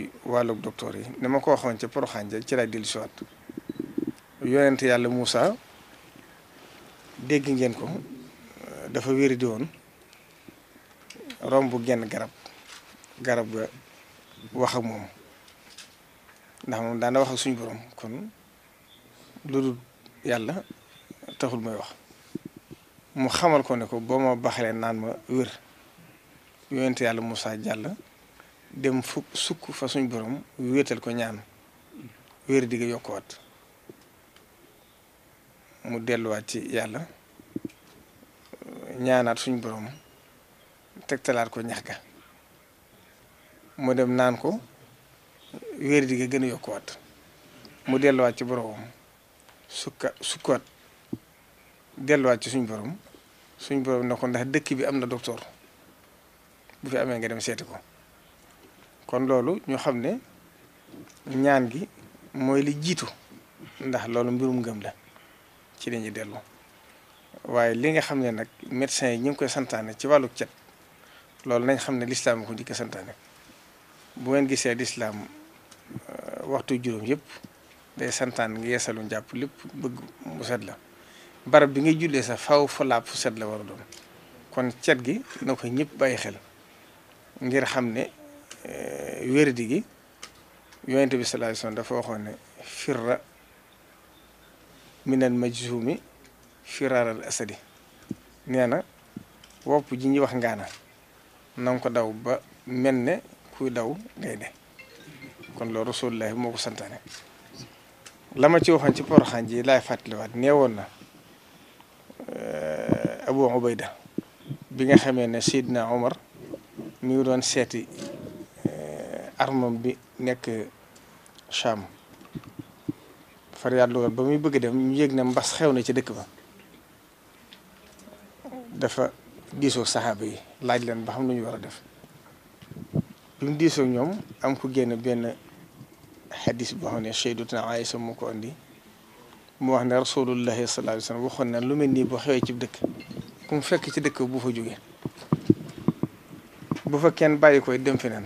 mooy wàllug docteur yi ni ma ko waxoon ca Porokhane ja ci lay dellu siwaat yonent yàlla Moussa dégg ngeen ko dafa wéri di woon romb genn garab garab ga wax ak moom ndax moom daana wax ak suñu borom kon lu dul yàlla taxul may wax mu xamal ko ne ko boo ma baxalee naan ma wér yonent yàlla musaa jàll dem fu sukk fa suñ borom wéetal ko ñaan wéer digga yokkuwaat mu delluwaat ci yàlla ñaanaat suñ boroom tegtalaat ko ñax ga mu dem naan ko wéer digga gën a yokkuwaat mu delluwaat ci boromam sukka sukkuwaat delluwaat ci suñ boroom suñ borom ne ko ndax dëkk bi am na docteur bu fi amee nga dem seeti ko kon loolu ñoo xam ne ñaan gi mooy li jiitu ndax loolu mbirum ngëm la ci lañuy dellu waaye li nga xam ne nag médecins yi ñu ngi koy santaane ci wàllu cet loolu nañ xam ne lislaam ko njëkk a santaane bu ngeen gisee lislaam euh, waxtu juróom yëpp day santaan nga yeesalu njàpp lépp bëgg mu set la barab bi ngay jullee sax faw fa fu set la war a doon kon cet gi na ko ñëpp bàyyi xel ngir xam ne Eh, wérdi gi yonent bi sallallahu alayhi wasallam dafa waxoon ne firra minal majzumi firaaral asadi nee na wopp ji ñuy wax ngaana na nga ko daw ba mel ne kuy daw gaynde kon loolu rasulullahi moo ko santaane la ci waxoon ci poroxaan ji laay fàttaliwaat nee woon na eh, Abu Ubayda bi nga xamee ne Seydina Omar mi ngi doon seeti armom bi nekk Cham far yàlla ba muy bëgg dem ñu yëg ne mbas xew na ci dëkk ba dafa diisoo saxaaba yi laaj leen ba xam lu war a def bi mu diisoo ñoom am ku génn benn xadis boo xam ne Sayyidatuna Aïsa moo ko andi mu wax ne rasulullahi sallallahu alayhi wa na lu mel nii boo xewee ci dëkk ku mu fekk ci dëkk bu fa jógee bu fa kenn bàyyi koy dem feneen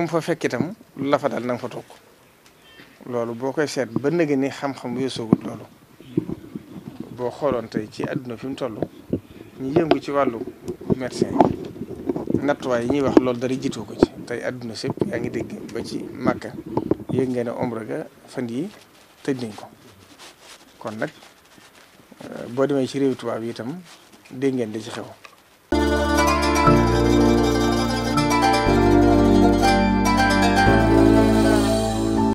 kum fa fekk itam la fa dal na nga fa toog loolu boo koy seet ba nëgë ni xam-xam weesoogul loolu boo xooloon tey ci àdduna fi mu toll ñu yëngu ci wàllu médecin nattuwaay yi ñuy wax loolu dara jiitoo ko ci tey àdduna sépp yaa ngi dégg ba ci màkka yëg ngeen ne ombre ga fan yi tëj nañ ko kon nag boo demee ci réew tubaab yi itam dégg ngeen di ci xew